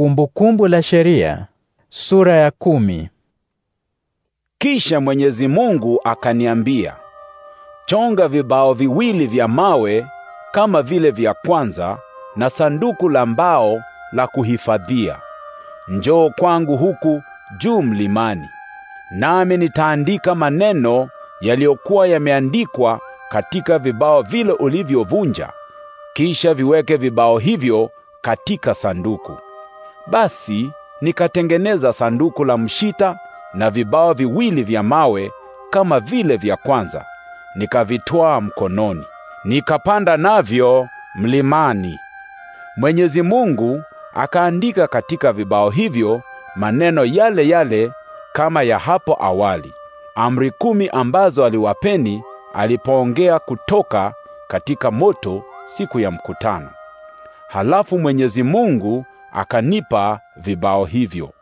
Kumbukumbu la Sheria sura ya kumi. Kisha Mwenyezi Mungu akaniambia, chonga vibao viwili vya mawe kama vile vya kwanza na sanduku la mbao la kuhifadhia. Njoo kwangu huku juu mlimani, nami nitaandika maneno yaliyokuwa yameandikwa katika vibao vile ulivyovunja, kisha viweke vibao hivyo katika sanduku. Basi nikatengeneza sanduku la mshita na vibao viwili vya mawe kama vile vya kwanza, nikavitwaa mkononi, nikapanda navyo mlimani. Mwenyezi Mungu akaandika katika vibao hivyo maneno yale yale kama ya hapo awali, amri kumi ambazo aliwapeni alipoongea kutoka katika moto siku ya mkutano. Halafu Mwenyezi Mungu akanipa vibao hivyo.